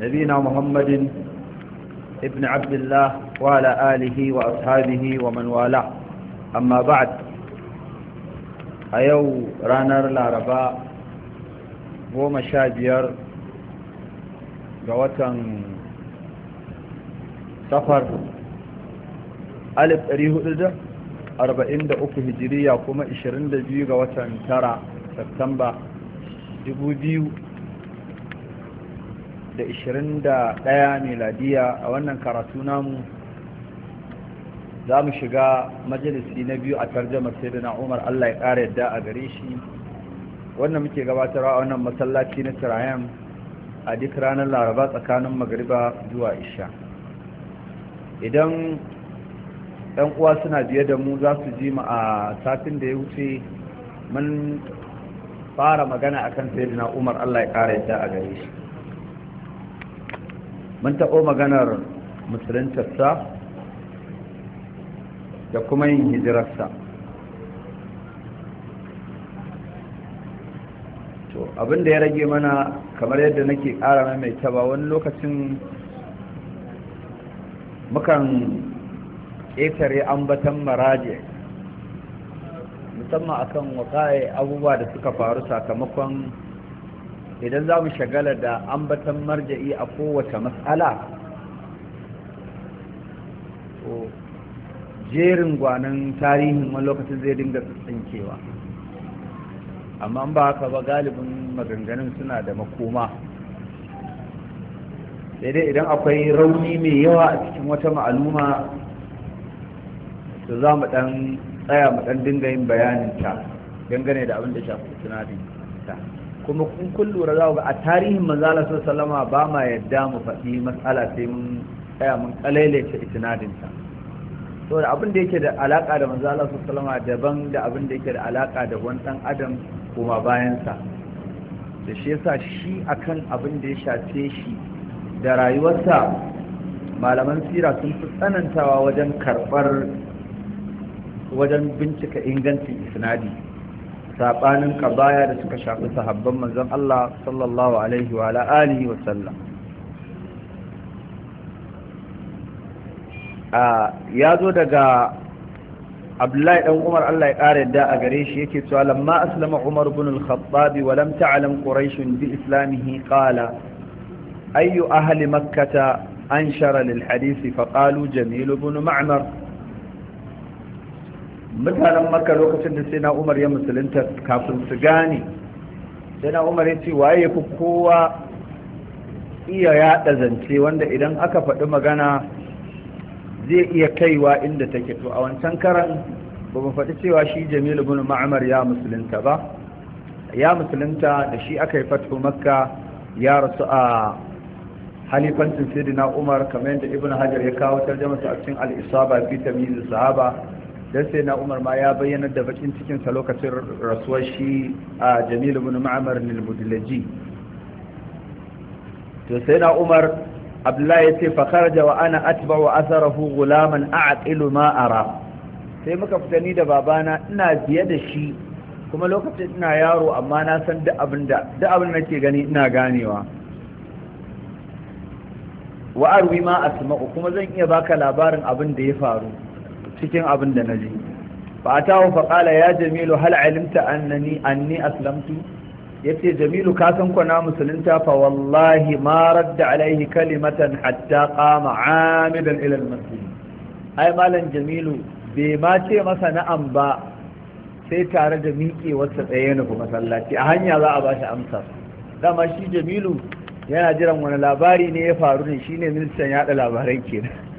نبينا محمد ابن عبد الله وعلى آله وأصحابه ومن والاه أما بعد أيو رانر لارباء goma sha biyar ga watan safar alif hijiriya kuma ishirin da ga watan tara satumba dubu Da da ishirin ɗaya mai ladiya, a wannan karatu namu za mu shiga majalisi na biyu a tarjamar sai da umar allah ya ƙara yadda a gare shi wannan muke gabatarwa a wannan masallaci na tirayen a duk ranar laraba tsakanin magariba zuwa isha idan ɗan uwa suna biye da mu za su ji mu a satin da ya wuce mun fara magana akan na umar allah ya ƙara yadda a gare shi mun taɓo maganar musuluntarsa da kuma yin hijirarsa to abinda ya rage mana kamar yadda nake ƙara mai taba wani lokacin mukan ƙetare ambatan maraje musamman akan kan abubuwa da suka faru sakamakon idan za mu shagala da ambatan marja'i a kowace matsala to jerin gwanan tarihin wani lokacin zai dinga tsinkewa amma ba haka ba galibin maganganun suna da makoma sai dai idan akwai rauni mai yawa a cikin wata ma'aluma to za mu dan tsaya mu dan dinga yin bayanin ta dangane da abin da shafi tunanin ta kuma kun kun za a tarihin manzala salama ba ma yadda mu faɗi matsala sai mun tsaya mun kalailace itinadinta saboda abin da yake da alaka da manzala salama daban da abin da yake da alaka da wani dan adam kuma bayansa da shi yasa shi akan abin da ya shafe shi da rayuwarsa malaman sira sun fi tsanantawa wajen karɓar wajen bincika ingancin isnadi saɓanin ƙabaya da suka shafi sahabban manzon Allah sallallahu alaihi wa alihi wa sallam ya zo daga abdullahi dan umar Allah ya kare yadda a gare shi yake cewa lamma aslama umar ibn al-khattab wa lam ta'lam quraish bi islamihi qala ayu ahli makkah anshara lil hadith fa qalu jamil ibn ma'mar mutanen maka lokacin da sai na umar ya musulunta kafin su gane sai na umar ya ce waye fi kowa iya yada zance wanda idan aka faɗi magana zai iya kaiwa inda take to a wancan karan ba mu faɗi cewa shi jamilu bin ma'amar ya musulunta ba ya musulunta da shi aka yi fatu makka ya rasu a halifancin sayyidina umar kamar yadda ibn hajar ya kawo tarjama a cikin al-isaba fi tamyiz sahaba dan sai na umar ma ya bayyana da bakin cikinsa lokacin rasuwar shi a jamil ibn ma'mar lil mudlaji to sai na umar abdullahi ya ce fa kharaja wa ana atba'u atharahu gulaman a'qilu ma ara sai muka fita ni da babana ina biye da shi kuma lokacin ina yaro amma na san duk abin da duk abin nake gani ina ganewa wa arwi ma asma'u kuma zan iya baka labarin abin da ya faru cikin abin da naji fa atahu fa qala ya jamilu hal alimta annani anni aslamtu yace jamilu ka san ko na musulunta fa wallahi ma radda alaihi kalimatan hatta qama amidan ila al ai Malam jamilu bai ma ce masa na'am ba sai tare da miƙewarsa tsaye ya kuma masallaci a hanya za a ba shi amsa dama shi jamilu yana jiran wani labari ne ya faru ne shine ministan yaɗa labarai kenan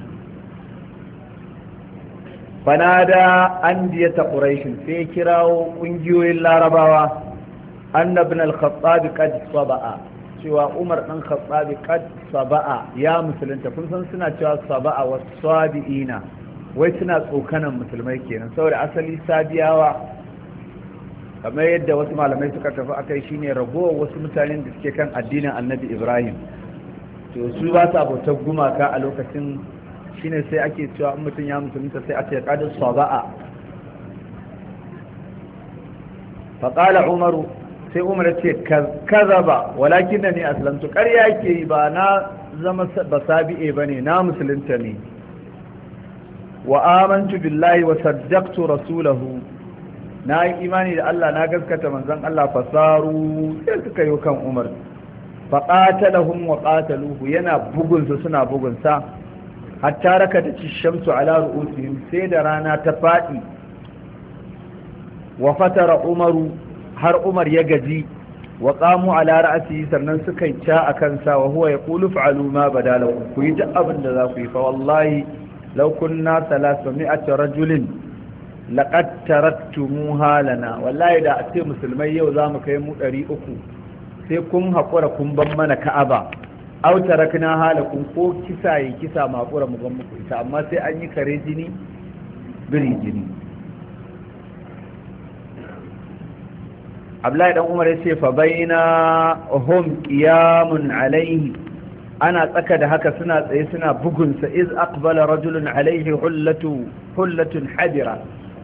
fanada andiyata quraish sai kirawo ƙungiyoyin larabawa anna al qad saba'a cewa umar dan khattab qad saba'a ya musulunta kun san suna cewa saba'a was sabiina wai suna tsokanan musulmai kenan saboda asali sabiyawa kamar yadda wasu malamai suka tafi akai shine ragowar wasu mutanen da suke kan addinin annabi ibrahim to su ba su gumaka a lokacin shine sai ake cewa in mutum ya musulunta sai a ce kadin saba'a faƙala umaru sai umar ce kazaba walakin da ne aslamtu ƙarya ke ba na zama ba sabi'e ba ne na musulunta ne wa amantu billahi wa saddaqtu rasulahu na yi imani da Allah na gaskata manzon Allah fasaru sai suka yi kan umar qatalahum wa qataluhu yana bugunsa suna bugunsa hatta raka da ci shamsu ala ru'usihim sai da rana ta faɗi wa fatara umaru har umar ya gaji wa qamu ala ra'asi sannan suka yi ca a kansa wa huwa yaqulu fa'alu ma badala ku yi duk abin da za ku yi fa wallahi law kunna 300 rajulin laqad taraktumuha lana wallahi da a ce musulmai yau za mu kai mu 300 sai kun haƙura kun ban mana ka'aba Autarak na halakum ko kisa yi kisa makura mu gan muku ita amma sai an yi kare jini biri jini Abdullahi dan Umar yace fa baina hum qiyamun alaihi ana tsaka da haka suna tsaye suna bugunsa iz aqbala rajulun alaihi hullatu hullatun hadira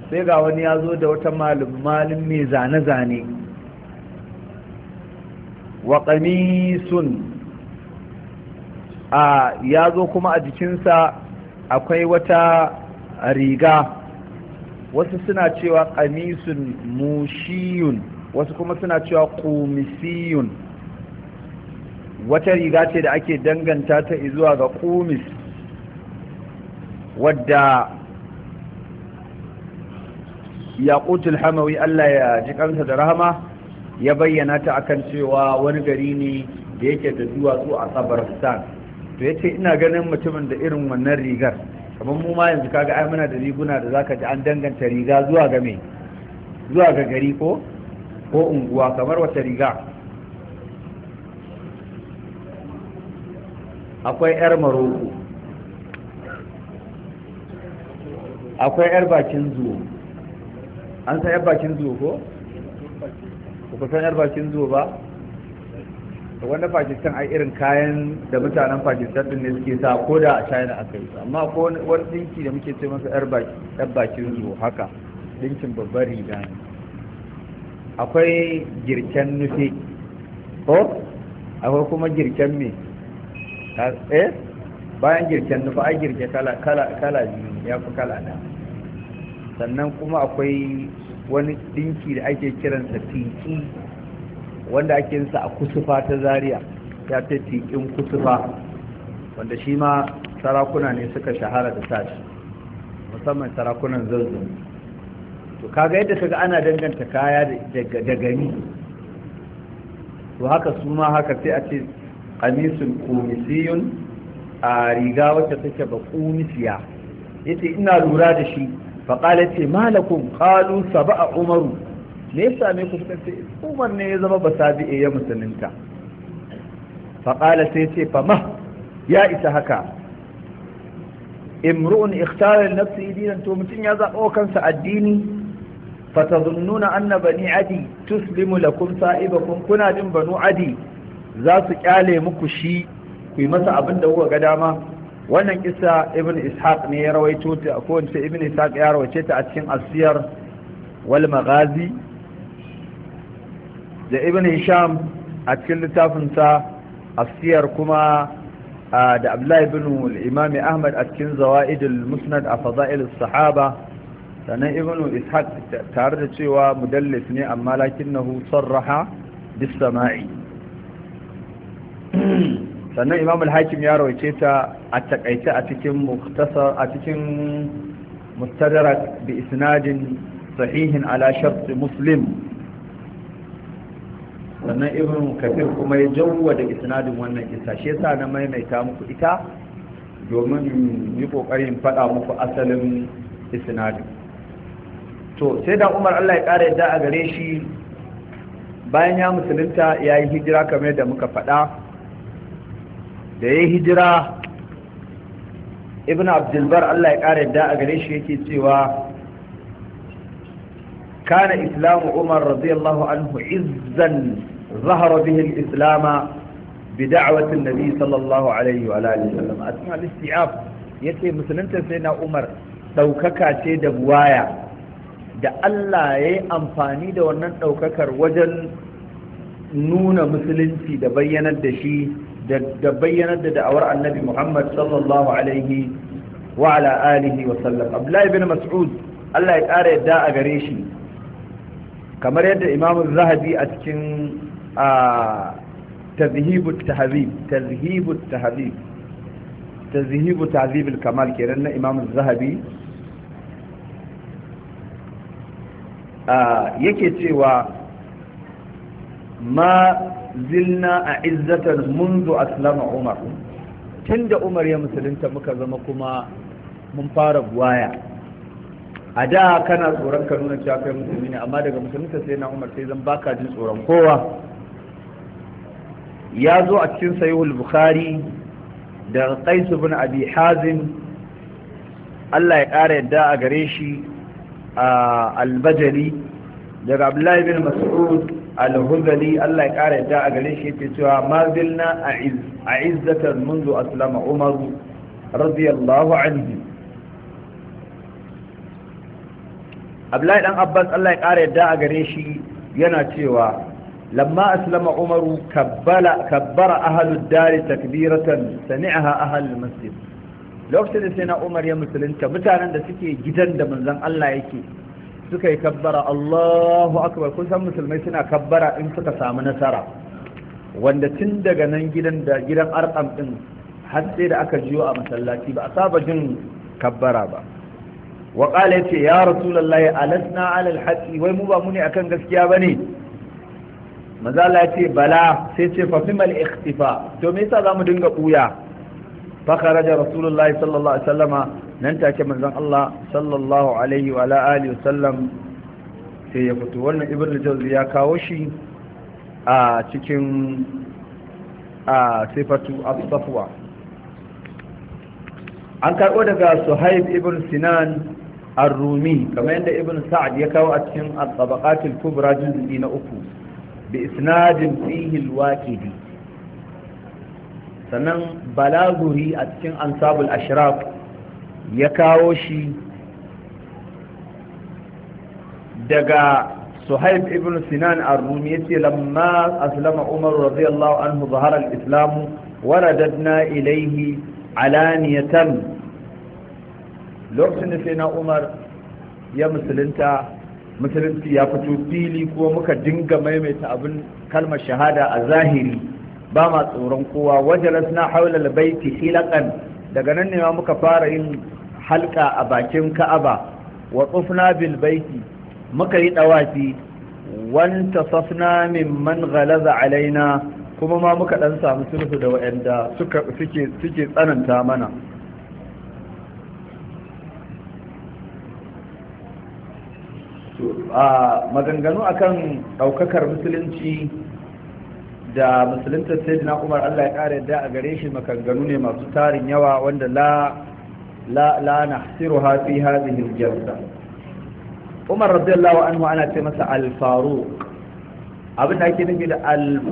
sai ga wani ya zo da wata malum malum mai zane-zane wa qamisun a ya zo kuma a jikinsa akwai wata riga wasu suna cewa kamisun mushiyun wasu kuma suna cewa kumisiyun wata riga ce da ake danganta ta zuwa ga kumis wadda yaqutul hamawi Allah ya ji kansa da rahama ya bayyana ta akan cewa wani gari ne da yake da duwatsu a sabaristan to ya ce ina ganin mutumin da irin wannan rigar kamar mu ma yanzu kaga ai muna da riguna da zaka ji an danganta riga zuwa ga me zuwa ga gari ko ko unguwa kamar wata riga akwai yar maroko akwai yar bakin zuwa an san yar bakin zuwa ko? ku san yar bakin zuwa ba? Da wanda pakistan ai irin kayan da mutanen pakistan din ne suke sa ko da a china aka yi amma ko wani dinki da muke ce masa yar bakin zuwa haka dinkin babbar riga ne akwai girken nufi? ko akwai kuma girken me eh bayan girken nufi, ai girke kala kala kala biyu ya fi kala da sannan kuma akwai wani dinki da ake kiransa tiki wanda ake yin sa a kusufa ta Zariya, ya ce tikin kusufa wanda shi ma sarakuna ne suka shahara da sashi musamman sarakunan zanzu. to kaga yadda kaga ana danganta kaya da gani to haka su ma haka sai a ce kamisun komisiyun a riga wacce take ba kumisiya ce ina lura da shi faƙala ce malakun kalu saba a umaru me ya same ku suka ce umar ne ya zama basabi'e ya musulunta faƙala sai ce fama ya isa haka imru'un ikhtarar nafsi dinan to mutum ya zaɓa kansa addini fatazununa anna bani adi tuslimu lakum sa'ibakum kuna jin banu adi za su kyale muku shi ku yi masa abin da kuka ga dama wannan kisa ibn ishaq ne ya rawaito ta ko ibn ishaq ya rawaice ta a cikin asiyar wal da ibn hisham a cikin littafinsa asiyar kuma da abdullahi ibn imam ahmad a cikin zawaidul musnad a fada'il sahaba sannan ibn ishaq tare da cewa mudallis ne amma lakinnahu sarraha bis sama'i sannan imam al-hakim ya rawaice ta a takaice a cikin muktasar a cikin bi isnadin sahihin ala shart muslim sannan ibn kafir kuma ya jawwa da isnadin wannan kisa shi yasa na maimaita muku ita domin yi kokarin faɗa muku asalin isnadin to sai da umar Allah ya ƙara yadda a gare shi bayan ya musulunta ya yi hijira kamar da muka faɗa da ya hijira ibn abdulbar Allah ya ƙara yadda a gare shi yake cewa kana islamu umar radiyallahu anhu izzan ظهر به الإسلام بدعوة النبي صلى الله عليه وآله وسلم أسمع الاستيعاب يتي مسلمة سيدنا عمر ɗaukaka ce da buwaya da Allah ya yi amfani da wannan ɗaukakar wajen nuna musulunci da bayyanar da shi da bayyanar da da'awar annabi Muhammad sallallahu alaihi wa ala alihi wa sallam Abdullahi bin Mas'ud Allah ya ƙara yadda a gare shi kamar yadda Imam Zahabi a cikin a tazhibu tahzib tazhibu tahzib tazhibu tahzib al-kamal kenan na imam az-zahabi yake cewa ma zilna a izzatan mundu aslama umar tun da umar ya musulunta muka zama kuma mun fara waya. a da kana tsoron ka nuna cewa kai musulmi ne amma daga musulunta sai na umar sai zan baka jin tsoron kowa ya zo a cikin sayuhul bukhari da qais ibn abi hazim Allah ya ƙara yadda a gare shi a albajali daga abdullahi bin mas'ud al-hudali Allah ya ƙara yadda a gare shi yake cewa ma zilna a izzatan منذ أسلم عمر رضي الله عنه abdullahi dan abbas allah ya ƙara yadda a gare shi yana cewa لما أسلم umaru kabbara كبر أهل الدار تكبيرة سمعها أهل المسجد lokacin da sai na umar ya musulunta mutanen da suke gidan da manzon Allah yake suka yi kabbara Allahu akbar kun san musulmai suna kabbara in suka samu nasara wanda tun daga nan gidan da gidan arkam din har da aka ji a masallaci ba a saba jin kabbara ba wa ya yace ya rasulullahi alasna alal alhaqi wai mu ba mu ne akan gaskiya bane manzo Allah ce bala sai ce fa fimal ikhtifa to me yasa zamu dinga buya fa kharaja rasulullahi sallallahu alaihi wasallama nan take manzon Allah sallallahu alaihi wa ala alihi wasallam sai ya fito wannan ibn al ya kawo shi a cikin a sifatu as-safwa an karbo daga suhaib ibn sinan ar-rumi kamar yadda ibn sa'ad ya kawo a cikin al-tabaqatul kubra juz'i na uku bi isnadin fihi alwaqidi sannan balaguri a cikin ansabul ashraf ya kawo shi daga suhaib ibn sinan ar-rumi yace lamma aslama umar radiyallahu anhu zahara al-islam waradadna ilayhi alaniyatan lokacin sai na umar ya musulunta musulunci ya fito fili kuma muka dinga maimaita abin kalmar shahada a zahiri ba ma tsoron kowa wajen rasna haula baiti hilakan daga nan ne muka fara yin halka a bakin ka'aba wa tsufna bil baiti muka yi dawafi wanta safna mimman ghalaza alaina kuma ma muka dan samu sulhu da waɗanda suke suke tsananta mana a maganganu akan ɗaukakar musulunci da sai na umar allah ya ƙara yadda a gare shi maganganu ne masu tarin yawa wanda la la la nahsiruha fi hadhihi al-jalsa umar radiyallahu anhu ana ce masa al abin da ake nufi da al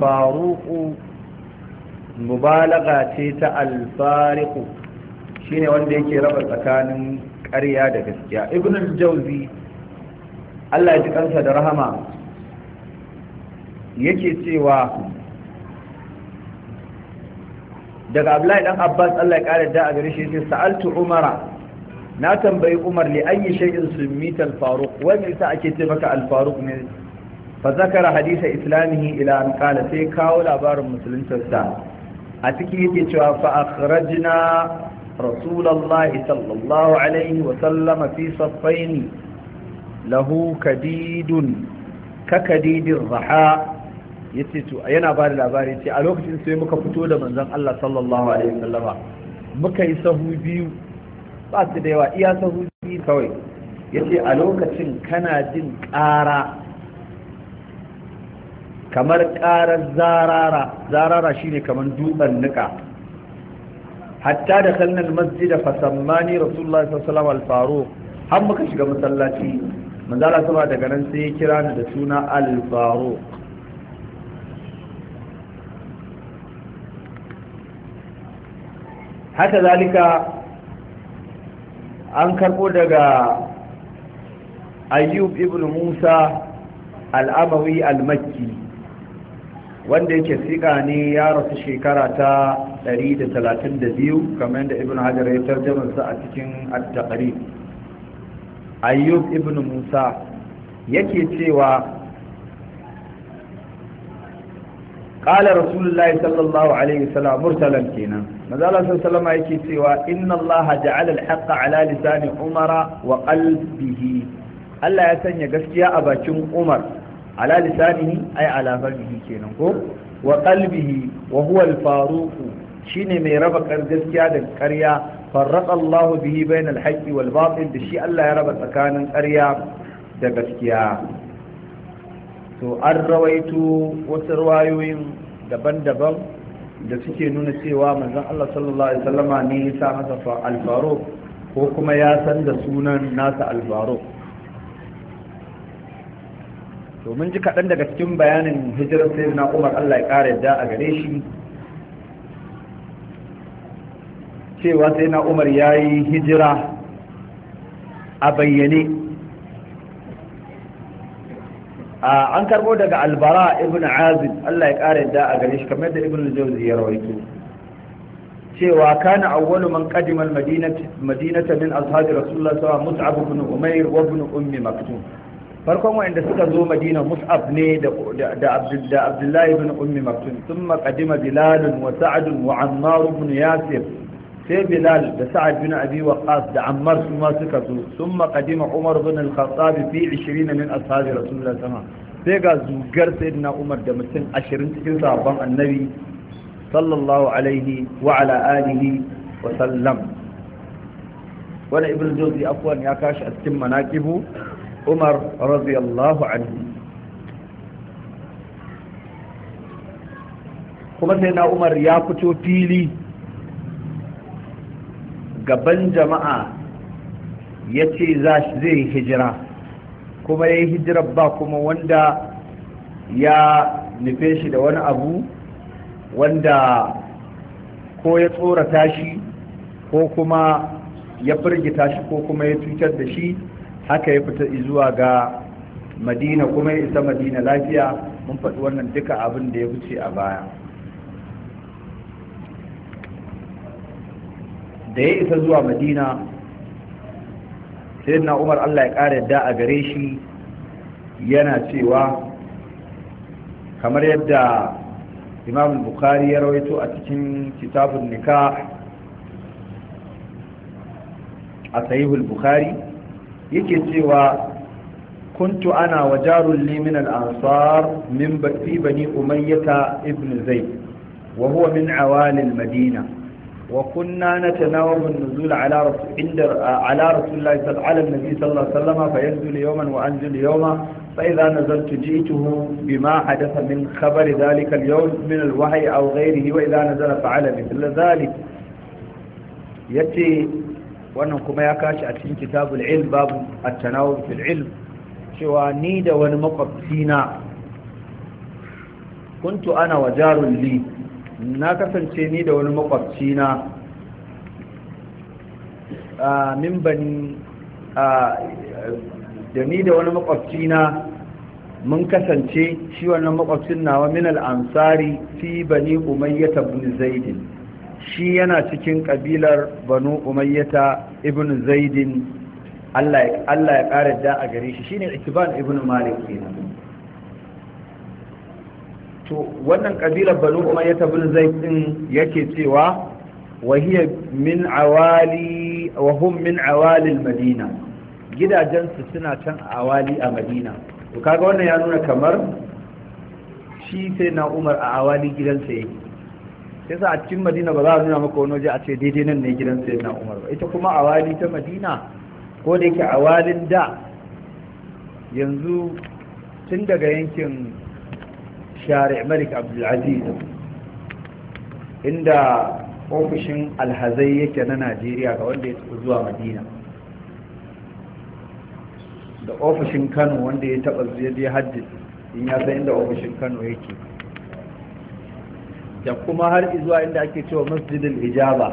mubalaga ce ta alfariku shine wanda yake raba tsakanin ƙarya da gaskiya ibn jauzi Allah ya ji kansa da rahama yake cewa daga Abdullahi dan Abbas Allah ya kare da a gare shi sa'altu Umara na tambayi Umar li ayi shay'in summita al-Faruq wa me yasa ake ce maka al-Faruq ne fa zakara hadisa islamihi ila an qala sai kawo labarin musuluntarsa a cikin yake cewa fa akhrajna rasulullahi sallallahu alaihi wa sallama fi saffaini lahu kadidun ka kadidin raha yace to yana ba da labari ce a lokacin sai muka fito da manzon Allah sallallahu alaihi wasallama muka yi sahu biyu ba su da yawa iya sahu biyu kawai yace a lokacin kana jin ƙara kamar ƙarar zarara zarara shine kamar dutsen nika hatta da kalnan masjida fasammani rasulullah sallallahu alaihi wasallam al-faruq har muka shiga masallaci manzala sama daga nan sai ya kira ni da suna alfaro haka zalika an karbo daga ayyub ibn musa al'amawi al-makki wanda yake siƙa ne ya rasu shekara ta 132 kamar yadda ibn hajar ya tarjamansa a cikin at-taqrib ayyub ibn musa yake cewa qala rasulullahi sallallahu alaihi wasallam kenan maza Allah sallallahu alaihi yake cewa inna Allah ja'ala al-haqqa ala lisani umara wa qalbihi Allah ya sanya gaskiya a Umar ala lisanihi ay ala kenan ko wa qalbihi wa shine mai raba gaskiya da ƙarya farraqa Allahu bihi bainal haqqi wal batil da shi Allah ya raba tsakanin ƙarya da gaskiya to an rawaito wasu rawayoyin daban-daban da suke nuna cewa manzon Allah sallallahu alaihi wasallama ne ya sa masa ko kuma ya san da sunan nasa al to mun ji kaɗan daga cikin bayanin hijirar sayyidina Umar Allah ya ƙara yadda a gare shi cewa sai na umar ya yi hijira a bayyane an karbo daga albara ibn azib allah ya kare da a gare shi kamar da ibn jauzi ya rawaito cewa kana awwalu man qadima al-madinata min ashabi rasulullah sallallahu alaihi mus'ab ibn umair wa ibn ummi maktum farkon wanda suka zo madina mus'ab ne da da abdullahi ibn ummi maktum thumma qadima bilal wa sa'd wa ammar ibn yasir sai bilal da sa'ad bin abi waqas da ammar su ma suka zo summa qadima umar bin al-khattab fi 20 min ashabi rasulullah sama sai ga zugar sayyidina umar da mutum 20 cikin sahabban annabi sallallahu alaihi wa ala alihi wa sallam wani ibn jawzi afwan ya kashi a cikin manaqibu umar radiyallahu anhu kuma sai na umar ya fito fili gaban jama'a ya ce zai hijira kuma ya yi hijirar ba kuma wanda ya nufe shi da wani abu wanda ko ya tsorata shi ko kuma ya firgita shi ko kuma ya cutar da shi haka ya fita zuwa ga madina kuma ya isa madina lafiya mun faɗi wannan duka abin da ya wuce a baya da ya isa zuwa madina na umar allah ya ƙara yadda a gare shi yana cewa kamar yadda imam bukari ya rawaito a cikin kitabun nika a sahihul bukhari yake cewa kuntu ana wa jarun limin al'ansar min bani umayyata ibn zai wa huwa min awalin madina وكنا نتناوب النزول على رسول عند على رسول الله صلى على النبي صلى الله عليه وسلم فينزل يوما وانزل يوما فاذا نزلت جئته بما حدث من خبر ذلك اليوم من الوحي او غيره واذا نزل فعل مثل ذلك yace wannan kuma ya kashi a cikin kitabul ilm babu at-tanawub fil ilm cewa ni da wani makwabcina kuntu ana wajarul li na kasance ni da wani makwabci na min a da ni da wani makwabci na mun kasance shi wannan makwabcin nawa min al'ansari fi bani umayyata ibn zaidin shi yana cikin kabilar banu umayyata ibn zaidin Allah ya ƙara da a gare shi shine ibn Malik kenan to wannan kabilar banu ta bin zai din yake cewa wa hiya min awali wa hum min awali madina gidajen su suna can awali a madina to kaga wannan ya nuna kamar shi sai na umar a awali gidansa yake sai sa a cikin madina ba za a nuna maka wani waje a ce daidai nan ne gidan sai na umar ba ita kuma awali ta madina ko da yake awalin da yanzu tun daga yankin shari'a malik abdulaziz inda ofishin alhazai yake na najeriya ga wanda ya zuwa madina da ofishin kano wanda ya taɓa ziyarci hajji in ya san inda ofishin kano yake da kuma har izuwa inda ake cewa masjidul ijaba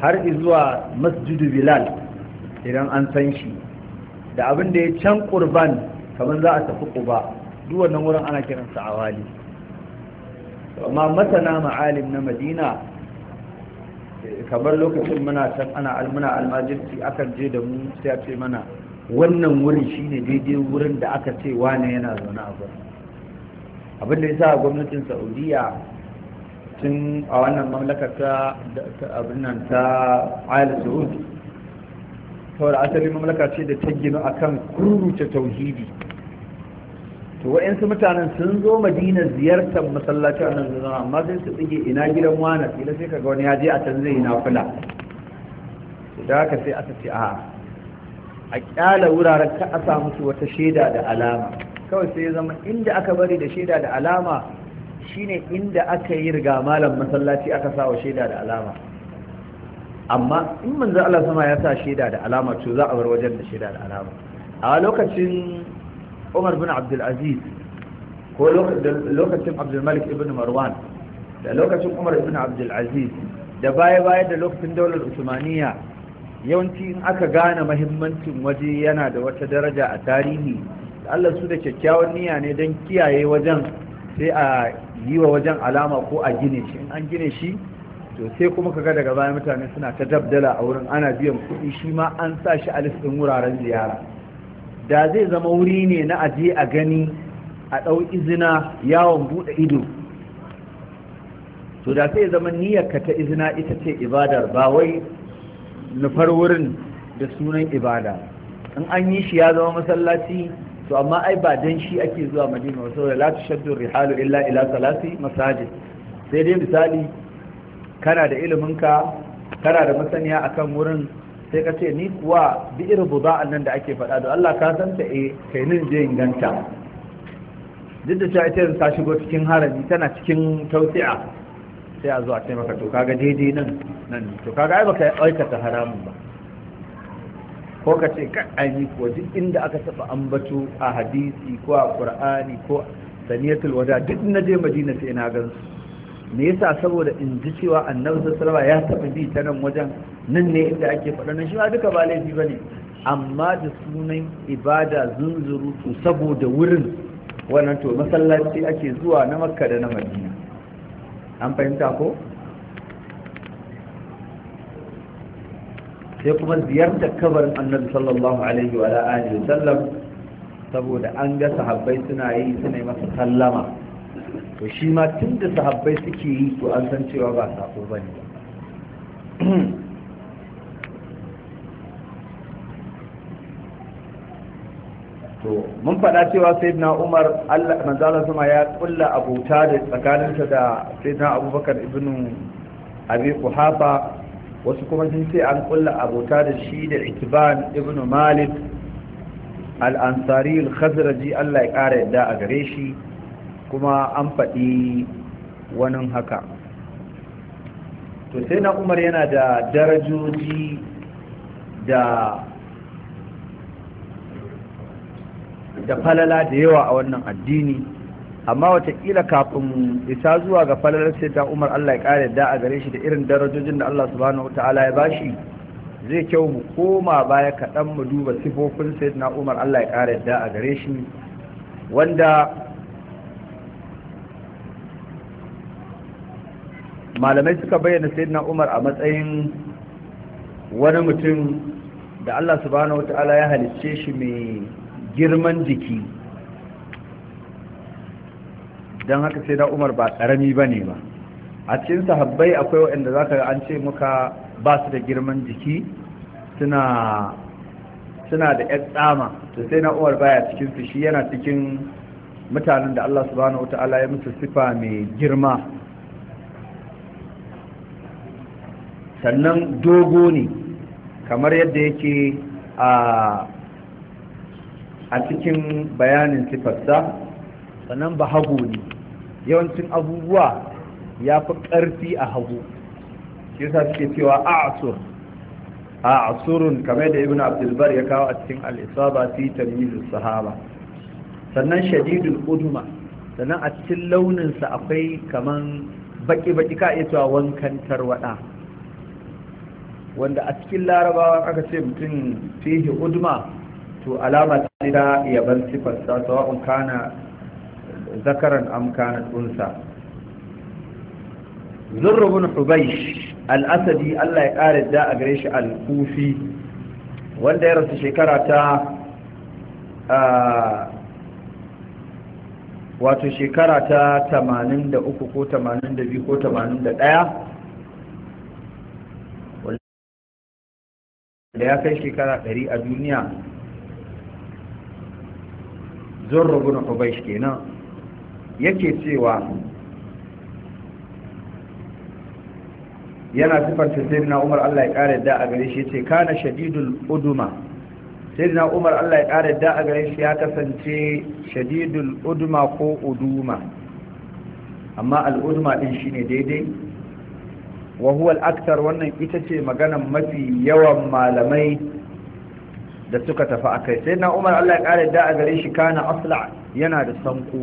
har izuwa Masjidul bilal idan an san shi da abin da ya can kurban kamar za a tafi ba. duk wannan wurin ana kiransa awali amma masana ma'alim na madina kamar lokacin muna can ana almuna almajirci akan je da mu sai a ce mana wannan wurin shine daidai wurin da aka ce wane yana zaune a gwamnati. abin da yasa gwamnatin saudiya tun a wannan mamlaka ta abin nan ta ayal saudi saboda asali mamlaka ce da ta gino akan kururuce tauhidi to wa'yansu mutanen sun zo madina ziyartar masallacin nan zuwa amma sai su tsige ina gidan wani kila sai kaga wani ya je a can zai na fula da haka sai aka ce a a kyala wuraren ka a sa musu wata shaida da alama kawai sai zama inda aka bari da shaida da alama shine inda aka yi riga malam masallaci aka sa wa shaida da alama amma in manzo Allah sama ya sa shaida da alama to za a bar wajen da shaida da alama a lokacin umar bin abdulaziz ko lokacin abdulmalik ibn marwan da lokacin umar ibn abdulaziz da baya-baya da lokacin daular usmaniya yawanci in aka gane mahimmancin waje yana da wata daraja a tarihi da allah su da kyakkyawan niyya ne don kiyaye wajen sai a yi wa wajen alama ko a gine shi in an gine shi to sai kuma kaga daga baya mutane suna ta dabdala a wurin ana biyan kuɗi shi ma an sa shi a listin wuraren ziyara da zai zama wuri ne na aje a gani a ɗau izina yawon buɗe ido to da sai zama ka ta izina ita ce ibadar ba wai nufar wurin da sunan ibada in an yi shi ya zama masallaci to amma ai ba dan shi ake zuwa madina wasu da latu shaddun rihalu illa ila salasi masajid sai dai misali kana da iliminka kana da masaniya akan wurin sai ka ce ni kuwa bi'ir buda'an nan da ake faɗa da Allah ka san ta eh kai nin je inganta duk da cewa ita ta shigo cikin harami tana cikin tausi'a sai a zuwa ce maka to kaga daidai nan nan to kaga ai baka aikata haramun ba ko ka ce kan ni ko duk inda aka taba ambato a hadisi ko a qur'ani ko saniyatul wada duk na je madina sai na gansu me yasa saboda in ji cewa annabi sallallahu ya tafi bi ta nan wajen nan ne inda ake faɗa nan shi ma duka ba laifi bane amma da sunan ibada zunzuru to saboda wurin wannan to masallaci ake zuwa na makka da na madina an fahimta ko sai kuma ziyartar kabarin annabi sallallahu alaihi wa alihi sallam saboda an ga sahabbai suna yi suna yi masa sallama to shi ma tun da sahabbai suke yi to an san cewa ba sako ba ne to mun faɗa cewa sayyidina umar allah manzala ya kulla abota da tsakaninsa da sayyidina abubakar ibnu abi kuhafa wasu kuma sun ce an kulla abota da shi da itiban ibnu malik al-ansari al-khazraji allah ya ƙara yadda a gare shi kuma an faɗi wani haka to sai na umar yana da darajoji da da falala da yawa a wannan addini amma watakila kafin isa zuwa ga falalar sai ta umar allah ya kare da a gare shi da irin darajojin da allah subhanahu ta'ala ya bashi zai kyau mu koma baya kaɗan mu duba sifofin sai na umar allah ya kare da a gare shi wanda malamai suka bayyana sayyidina umar a matsayin wani mutum da Allah subhanahu wata'ala ya halicce shi mai girman jiki don haka sai na'umar umar ba karami ba ne ba a cikin sahabbai akwai waɗanda za ka an ce muka ba su da girman jiki suna da yan tsama to sai na umar baya cikin su shi yana cikin mutanen da Allah subhanahu wata'ala ya musu sifa mai girma sannan dogo ne kamar yadda yake a cikin bayanin sifarsa sannan ba hagu ne yawancin abubuwa ya fi ƙarfi a hagu shi yasa suke cewa a asurun kamar da ibn abdulbar ya kawo a cikin al'isaba fi tarihin sahaba sannan shadidul uduma sannan a cikin launinsa akwai kaman baki-baki ka wankan tarwada wanda a cikin larabawa aka ce mutum fihi udma to alama ta ya yaban sifarsa sawa'un kana zakaran am kana unsa zurr ibn hubaysh al-asadi Allah ya kare da a gare shi al-kufi wanda ya rasu shekara ta wato shekara ta 83 ko 82 ko 81 da ya kai shekara ɗari a duniya na bin hubaish kenan yake cewa yana sifanta na Umar Allah ya ƙara da a gare shi ce kana shadidul uduma na Umar Allah ya ƙara da a gare shi ya kasance shadidul uduma ko uduma amma al'uduma ɗin shi shine daidai wa huwa al-akthar wannan ita ce maganan mafi yawan malamai da suka tafi akai sai na Umar Allah ya kare da a gare shi kana asla yana da sanko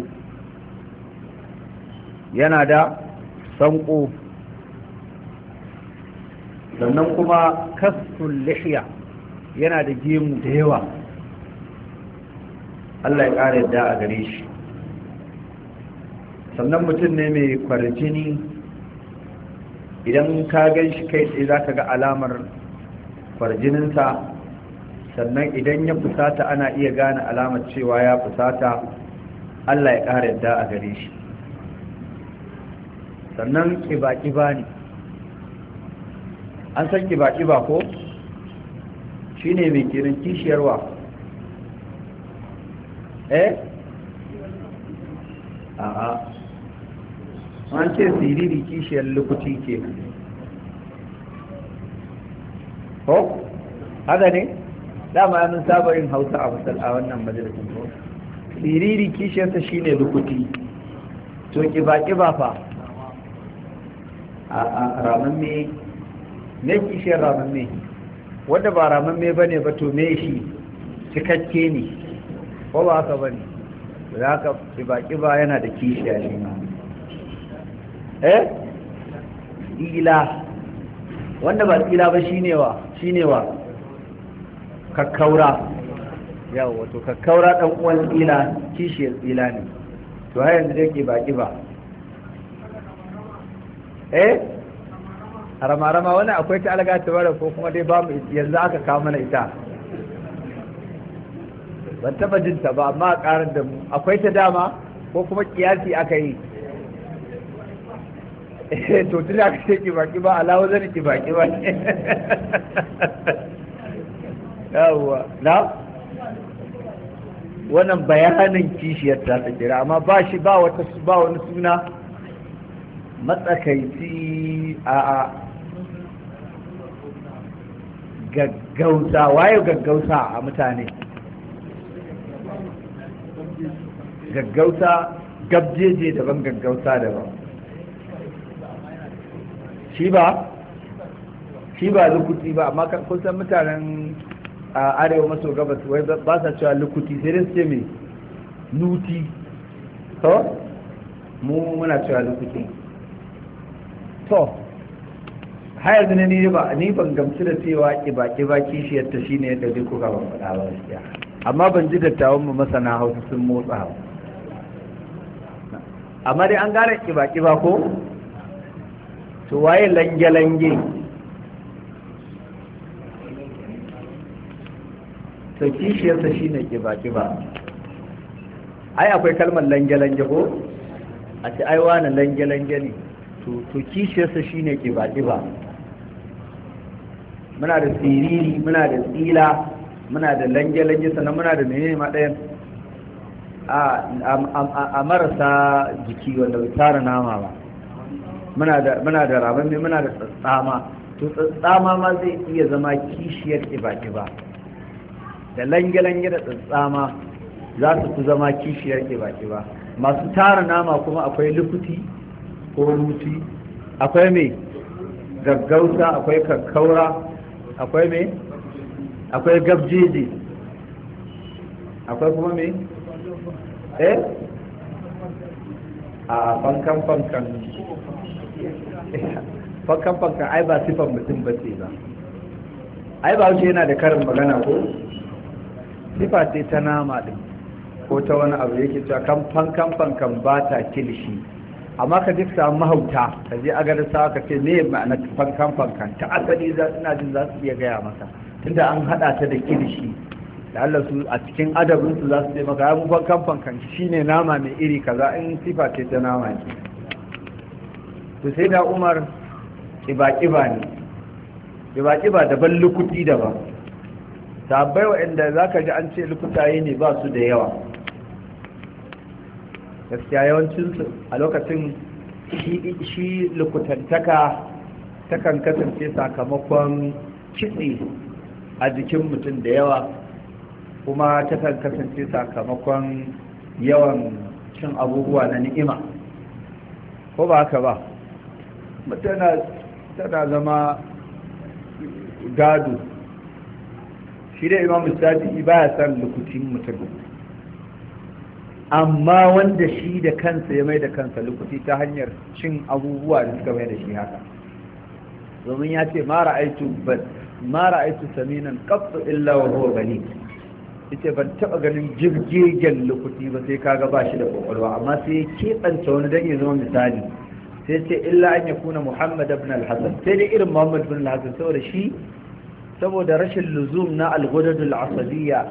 yana da sanko sannan kuma kastul lihya yana da gemu da yawa Allah ya kare da a gare shi sannan mutum ne mai kwarjini idan ka gan shi kai tsaye za ka ga alamar farjininsa sannan idan ya fusata ana iya gane alamar cewa ya fusata allah ya ƙara yadda a gare shi sannan ƙiba-ƙiba ne an san ƙiba-ƙiba ko shi ne mai kirin kishiyarwa eh a'a an ce siriri kishiyar lukuti ke ko haka ne dama mun saba yin hausa a a wannan majalisun ko siriri kishiyarsa shine lukuti to kiba-kiba fa a ramin me kishiyar me wanda ba ramamme ba ne ba to me shi cikakke ne ko ba haka ba ne za ka kiba-kiba yana da kishiya shi ma eh ila wanda ba ila ba shine wa shine wa kakkaura yau wato kakkaura dan uwan tsila kishiyar tsila ne to har yanzu yake baki ba eh rama-rama wani akwai ta alga tabara ko kuma dai ba mu yanzu aka kawo mana ita ban taba jinta ba amma a karar da mu akwai ta dama ko kuma kiyasi aka yi Eh, to tun ka ce ki baki ba alawo zan ki baki ba yawwa na wannan bayanin kishiyar ta ta kira amma ba shi ba wata ba wani suna matsakaici a a gaggausa waye gaggauta a mutane Gaggauta gabjeje daban gaggauta daban shi ba shi ba lukuti ba amma kusan mutanen a arewa maso gabas wai ba sa cewa lukuti sai dai suke ce mai luti to mu muna cewa lukuti to hayar da ni ba ni ban gamsu da cewa kiba kiba kishiyar ta ne yadda duk kuka ban faɗa ba gaskiya amma ban ji dattawan mu masana hausa sun motsa amma dai an gane kiba kiba ko to waye lange-lange to kishiyarsa shi ne kiba-kiba ai akwai kalmar lange-lange ko a ce ai wani lange-lange ne to kishiyarsa shi ne kiba-kiba muna da siriri muna da tsila muna da lange-lange sannan muna da menene ma ɗayan a marasa jiki wanda bai tara nama ba muna da rabon mai muna da tsatsama to tsatsama ma zai iya zama kishiyar kiba-kiba da lange-lange da tsatsama za su fi zama kishiyar kiba-kiba masu tara nama kuma akwai lukuti ko ruti akwai mai gaggauta, akwai kakkaura akwai mai akwai gabjeje akwai kuma mai eh a fankan fankan fankan fankan ai ba sifan mutum ba ce ba ai ba wuce yana da karin magana ko sifa ce ta nama din ko ta wani abu yake cewa kan fankan fankan ba ta kilishi amma ka ji samu mahauta ka je a garin sawa ka ce me ma'ana fankan fankan ta asali za ina jin za su iya gaya maka tunda an hada ta da kilishi da Allah su a cikin adabinsu za su ce maka ya mu fankan fankan shine nama mai iri kaza in sifa ce ta nama ce to sai da umar kiba-kiba ne kiba-kiba daban lukuti daban sabbai waɗanda za ka ji an ce lukutaye ne ba su da yawa gaskiya yawancinsu a lokacin shi lukutantaka takan kasance sakamakon kitse a jikin mutum da yawa kuma takan kasance sakamakon yawan cin abubuwa na ni'ima ko ba haka ba tana zama gado shi da imam ba ya san lukutin mutum amma wanda shi da kansa ya mai da kansa lukuti ta hanyar cin abubuwa da suka mai da shi haka domin ya ce mara aitu mara aitu saminan kafin illa wa huwa gani ita ban taba ganin jirgegen lukuti ba sai kaga ba shi da kwakwalwa amma sai ya keɓanta wani dan ya zama misali sai ce illa an ya kuna muhammad ibn al-hassan sai dai irin muhammad ibn al-hassan saboda shi saboda rashin luzum na al-ghudadul asabiyya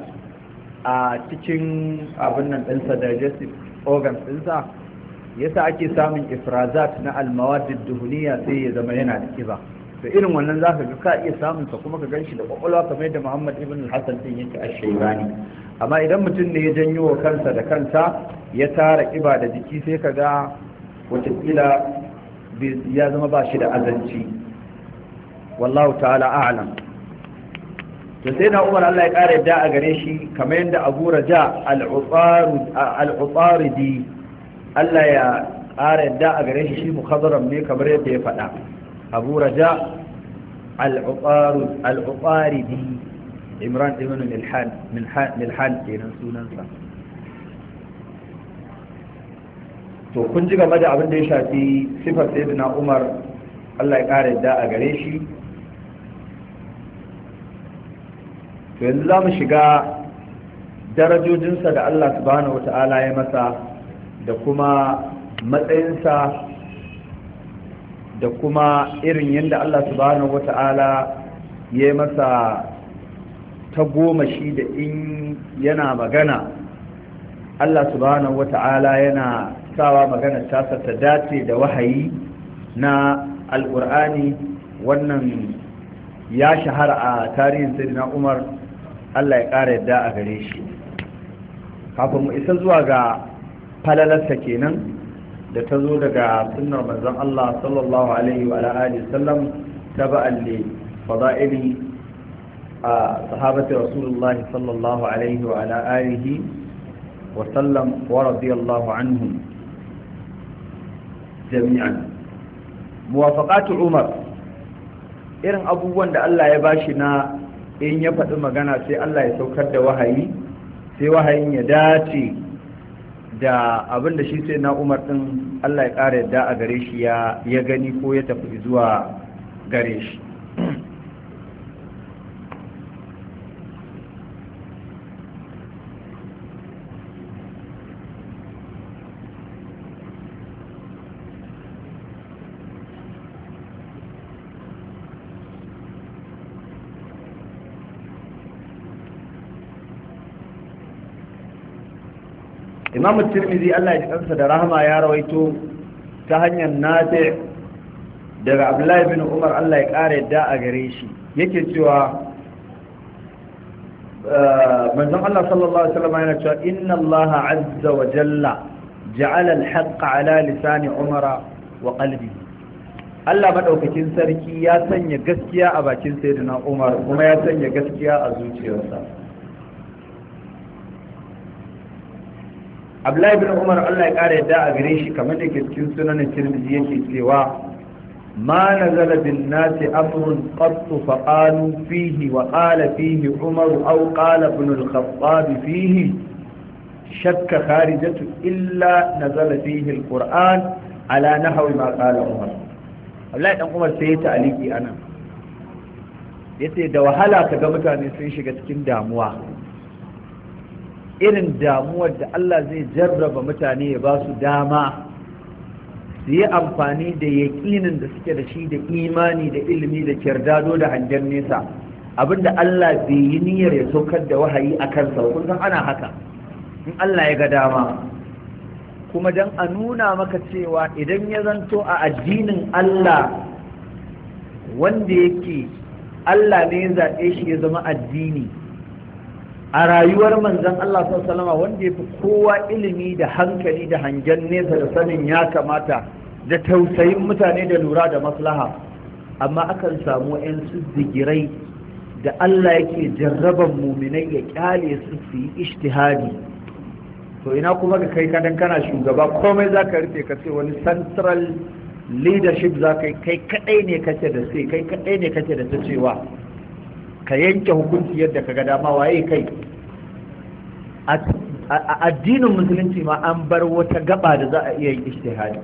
a cikin abin nan ɗinsa digestive organs sa yasa ake samun ifrazat na almawadid duhuniya sai ya zama yana da kiba to irin wannan za ka ga ka iya samun sa kuma ka ganshi da kwakwalwa kamar yadda Muhammad ibn al-Hasan din yake a shaybani amma idan mutum ne ya janyo wa kansa da kansa ya tara kiba da jiki sai ka ga kila. ya zama ba shi da azanci wallahu ta'ala a'lam to sai na umar Allah ya kare da a gare shi kamar yadda Abu Raja al Allah ya kare da a gare shi shi mukhadaram ne kamar yadda ya faɗa Abu Raja al-Utaridi Imran ibn Milhan Milhan kenan sunansa to kun ji game da abin da ya shafi sifar na umar allah ya ƙara yadda a gare shi to yanzu za mu shiga darajojinsa da allah subhanahu wa ta'ala ya masa da kuma matsayinsa da kuma irin yadda allah subhanahu wa ta'ala ya masa ta goma shi da in yana magana allah subhanahu wa ta'ala yana sawa magana tasa ta dace da wahayi na alkur'ani wannan ya shahara a tarihin sayyidina umar allah ya ƙara yadda a gare shi kafin mu isa zuwa ga falalarsa kenan da ta zo daga sunnar manzon allah sallallahu alaihi wa alihi sallam ta ba'alli fada'ili a sahabati rasulullahi sallallahu alaihi wa alihi sallam wa radiyallahu عنهم jami'an muwafaqatu umar irin abubuwan da Allah ya bashi na in ya faɗi magana sai Allah ya saukar da wahayi sai wahayin ya dace da abin da shi sai na umar ɗin Allah ya ƙara yadda a gare shi ya gani ko ya tafi zuwa gare shi imamu tirmizi Allah ya kansa da rahama ya rawaito ta hanyar nafi daga abdullahi bin umar Allah ya kare da a gare shi yake cewa ah, manzon Allah sallallahu alaihi wasallam yana cewa inna Allah azza wa jalla ja'ala al-haqq ala lisani umara wa qalbi Allah daukakin sarki ya sanya gaskiya a bakin sayyidina Umar kuma ya sanya gaskiya a zuciyarsa abdullahi bin umar allah ya kara yadda a gare shi kamar da ke cikin sunan tirmidhi yake cewa ma nazala bin nasi amrun qattu fa qalu fihi wa qala fihi umar aw qala ibn al-khattab fihi shakka kharijatu illa nazala fihi al-qur'an ala nahwi ma qala umar abdullahi dan umar sai ya ta'aliki anan yace da wahala kaga mutane sun shiga cikin damuwa irin damuwar da Allah zai jarraba mutane ya ba su dama su yi amfani da yaƙinin da suke da shi da imani da ilimi da kyardado da hangen nesa abinda Allah bai yi niyyar ya saukar da wahayi a kansa kun san ana haka in Allah ya ga dama kuma don a nuna maka cewa idan ya zanto a addinin Allah wanda yake Allah ne ya zaɓe shi ya zama addini a rayuwar manzan Allah sallama wanda ya fi kowa ilimi da hankali da hangen nesa da sanin ya kamata da tausayin mutane da lura da maslaha amma akan samu 'yan su digirai da Allah yake jarraban muminai ya kyale su su yi ishtihadi to ina kuma ga kai kadan kana shugaba komai za ka rufe ka ce wani central leadership za ka kai kadai ne kace da sai kai kadai ne kace da ta cewa ka yanke hukunci yadda ka ga dama waye kai a addinin musulunci ma an bar wata gaba da za a iya yin ijtihadi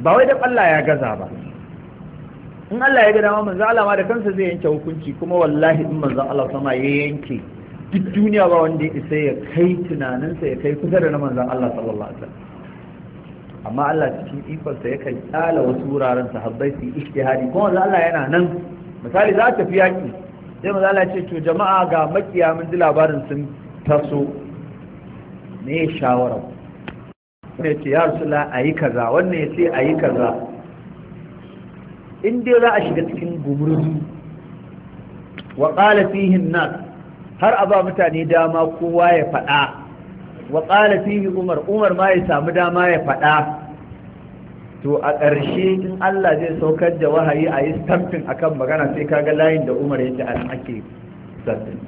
ba wai da Allah ya gaza ba in Allah ya ga dama manzo Allah ma da kansa zai yanke hukunci kuma wallahi in manzo Allah sama ya yanke duk duniya ba wanda ya isa ya kai tunaninsa ya kai kusa da na manzon Allah sallallahu alaihi wasallam amma Allah cikin ikonsa ya kan tsala wasu wuraren sahabbai su yi ijtihadi kuma Allah yana nan misali za ta fi yaki sai maza ce to jama'a ga makiya mun ji labarin sun taso ne shawara ne ce ya rasula a yi kaza wannan ya ce a yi kaza in dai za a shiga cikin gumurzu wa qala fihin nas har a ba mutane dama kowa ya faɗa wa qala fihi umar umar ma ya samu dama ya faɗa to a ƙarshe in Allah zai saukar da wahayi a yi stamping akan magana sai kaga layin da Umar yake an ake sattin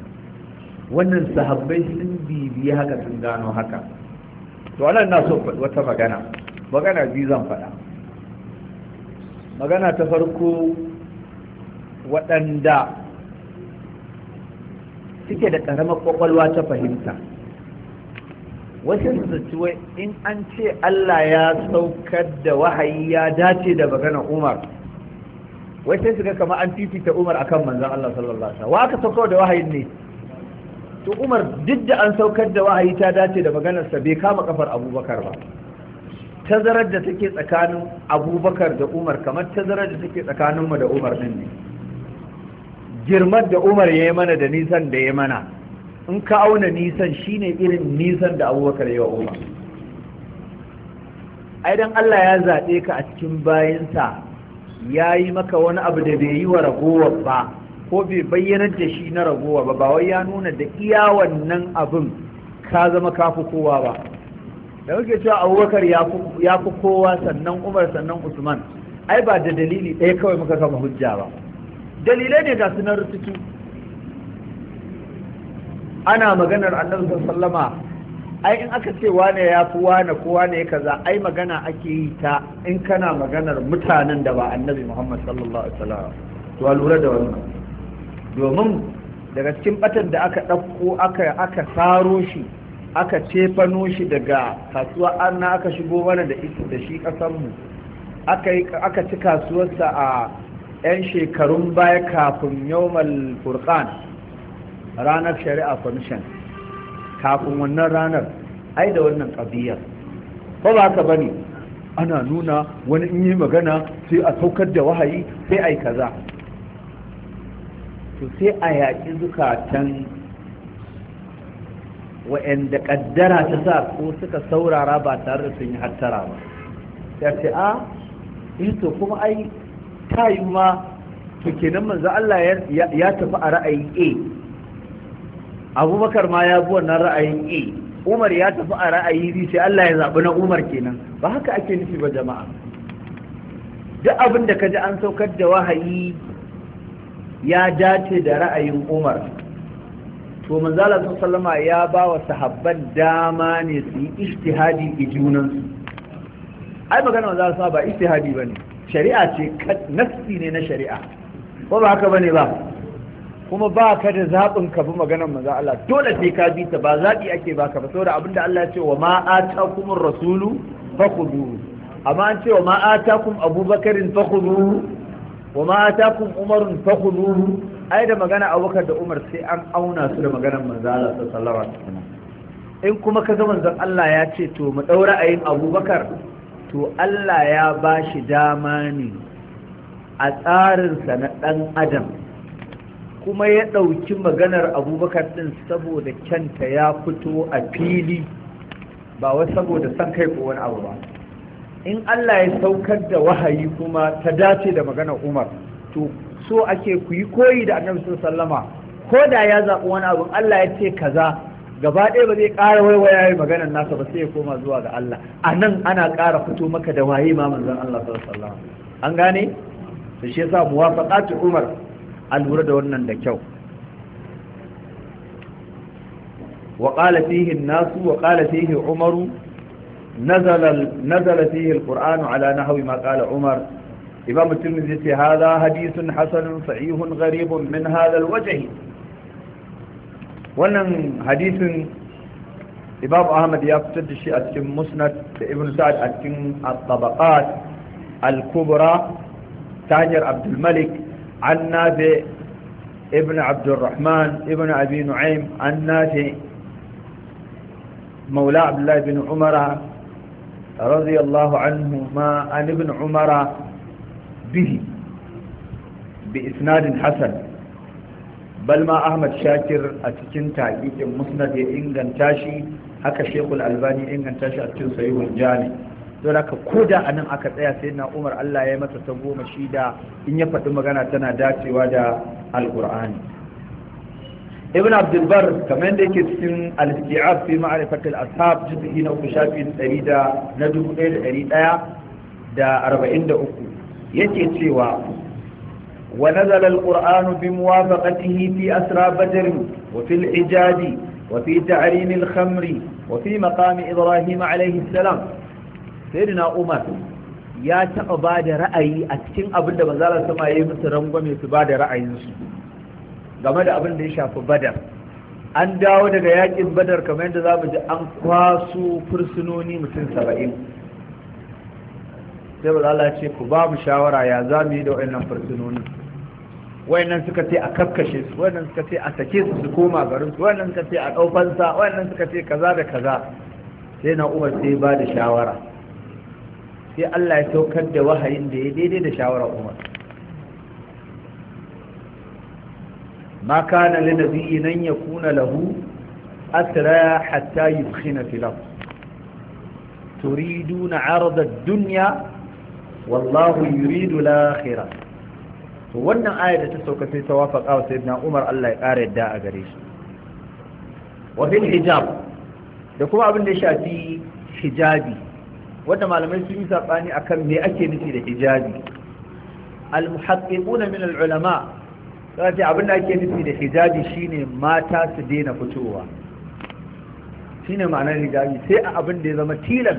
wannan sahabbai sun bibiya haka sun gano haka to anan na so wata magana magana biyu zan faɗa magana ta farko waɗanda suke da ƙaramar ƙwaƙwalwa ta fahimta wasu su zaci wai in an ce Allah ya saukar da wahayi ya dace da magana Umar wai sai kama an fifita Umar akan manzon Allah sallallahu alaihi wa aka saukar da wahayin ne to Umar duk da an saukar da wahayi ta dace da maganarsa bai kama kafar Abubakar ba tazarar da take tsakanin Abubakar da Umar kamar tazarar da take tsakaninmu da Umar din ne girmar da Umar ya yi mana da nisan da ya mana in ka auna nisan shine irin nisan da abubakar ya umar ai don Allah ya zaɓe ka a cikin bayansa ya yi maka wani abu da bai yi wa ragowar ba ko bai bayyanar da shi na ragowa ba ba wai ya nuna da iya wannan abin ka zama ka kowa ba da muke cewa abubakar ya fi kowa sannan umar sannan usman ai ba da dalili ɗaya kawai muka kama hujja ba dalilai ne ga sunan rusuki ana maganar annabi sallama ai in aka ce wane ya fi wane ko wane ya kaza ai magana ake yi ta in kana maganar mutanen da ba annabi muhammad sallallahu alaihi wasallam to lura da wannan domin daga cikin batan da aka ɗauko aka aka saro shi aka cefano shi daga kasuwa an na aka shigo mana da ita da shi ƙasarmu aka ci kasuwarsa a 'yan shekarun baya kafin yawmal furqan ranar shari'a commission kafin wannan ranar ai da wannan ƙabiyar ko ba ka bane ana nuna wani in yi magana sai a saukar da wahayi sai a yi kaza to sai a yaƙi zukatan wa'anda ƙaddara ta sa ko suka saurara ba tare da sun yi hattara ba sai ce a eh to kuma ai ta yi ma to kenan manzo Allah ya tafi a ra'ayi a abubakar ma ya bi wannan ra'ayin e umar ya tafi a ra'ayi bi sai Allah ya zaɓi na umar kenan ba haka ake nufi ba jama'a duk abin da ka ji an saukar da wahayi ya dace da ra'ayin umar to manzala sun sallama ya ba wa sahabban dama ne su yi ishtihadi ga junansu ai magana manzala sun ba ishtihadi ba ne shari'a ce nafsi ne na shari'a ko ba haka ba ne ba kuma ba ka da zaɓin ka bi maganar manzo Allah dole sai ka bi ta ba zaɓi ake ka ba saboda abinda Allah ya ce wa ma'ata kuma rasulu fakhuduhu amma an ce wa ma fa abubakarin fakhuduhu wa ma atakum umarun fakhuduhu ai da magana abubakar da umar sai an auna su da maganar manzo Allah sallallahu alaihi in kuma ka ga manzon Allah ya ce to mu a yin abubakar to Allah ya ba shi dama ne a tsarinsa na ɗan adam kuma ya ɗauki maganar abubakar ɗin saboda kyanta ya fito a fili ba wai saboda son kai ko wani abu ba in Allah ya saukar da wahayi kuma ta dace da maganar Umar to so ake ku yi koyi da annabi sallama ko da ya zaɓi wani abu Allah ya ce kaza gaba ɗaya ba zai ƙara waiwaya ya yi maganar nasa ba sai ya koma zuwa ga Allah a nan ana ƙara fito maka da waye ma manzon Allah sallallahu alaihi an gane to shi yasa muwafaqatu Umar a lura da wannan da kyau وقال فيه الناس وقال فيه عمر نزل نزل فيه القرآن على نحو ما قال عمر إمام الترمذي هذا حديث حسن صحيح غريب من هذا الوجه wannan hadisin imam ahmad ya fitar da shi a cikin musnad da ibn sa'ad a cikin at-tabaqat al-kubra ta hanyar abdul malik عن نافع ابن عبد الرحمن ابن أبي نعيم عن نافع مولى عبد الله بن عمر رضي الله عنهما عن ابن عمر به بإسناد حسن بل ما أحمد شاكر أتكن تعقيد مسند إنغان تاشي هكا شيخ الألباني إنغان تاشي أتكن سيوه الجاني don haka koda a nan aka tsaya sai na umar allah ya yi masa ta goma da in ya faɗi magana tana dacewa da alƙur'ani ibn abdulbar kamar yadda yake cikin al-istiab fi ma'rifat al-ashab juz'i na uku shafi na dubu ɗaya da ɗari ɗaya da arba'in da uku yake cewa wa nazala al-qur'anu bi muwafaqatihi fi asra badr wa fil ijadi wa fi وفي تعريم الخمر وفي مقام إبراهيم عليه السلام sayyidina Umar ya taɓa ba da ra'ayi a cikin abin da manzala sama ya yi musu rangwame su ba da ra'ayinsu game da abin da ya shafi badar an dawo daga yakin badar kamar yadda za mu ji an kwaso fursunoni mutum saba'in sai manzala ce ku ba mu shawara ya za mu yi da wayannan fursunoni wayannan suka ce a kakkashe su wayannan suka ce a sake su su koma garin su wayannan suka ce a ɗaukansa, wayannan suka ce kaza da kaza sai na umar sai ba da shawara sai Allah ya saukar da wahayin da ya daidai da shawarar Umar ma kana linabi nan ya kuna lahu asra hatta yubkhina fil ard turiduna arda ad-dunya wallahu yuridu al-akhirah to wannan aya da ta sauka sai ta wafaka wa sayyidina Umar Allah ya kare yadda a gare shi wa fil hijab da kuma abin da ya shafi hijabi wanda malamai sun yi sabani akan me ake nufi da hijabi al-muhaqqiquna min al-ulama ce abin da ake nufi da hijabi shine mata su daina fitowa shine ma'anar hijabi sai a abin da ya zama tilas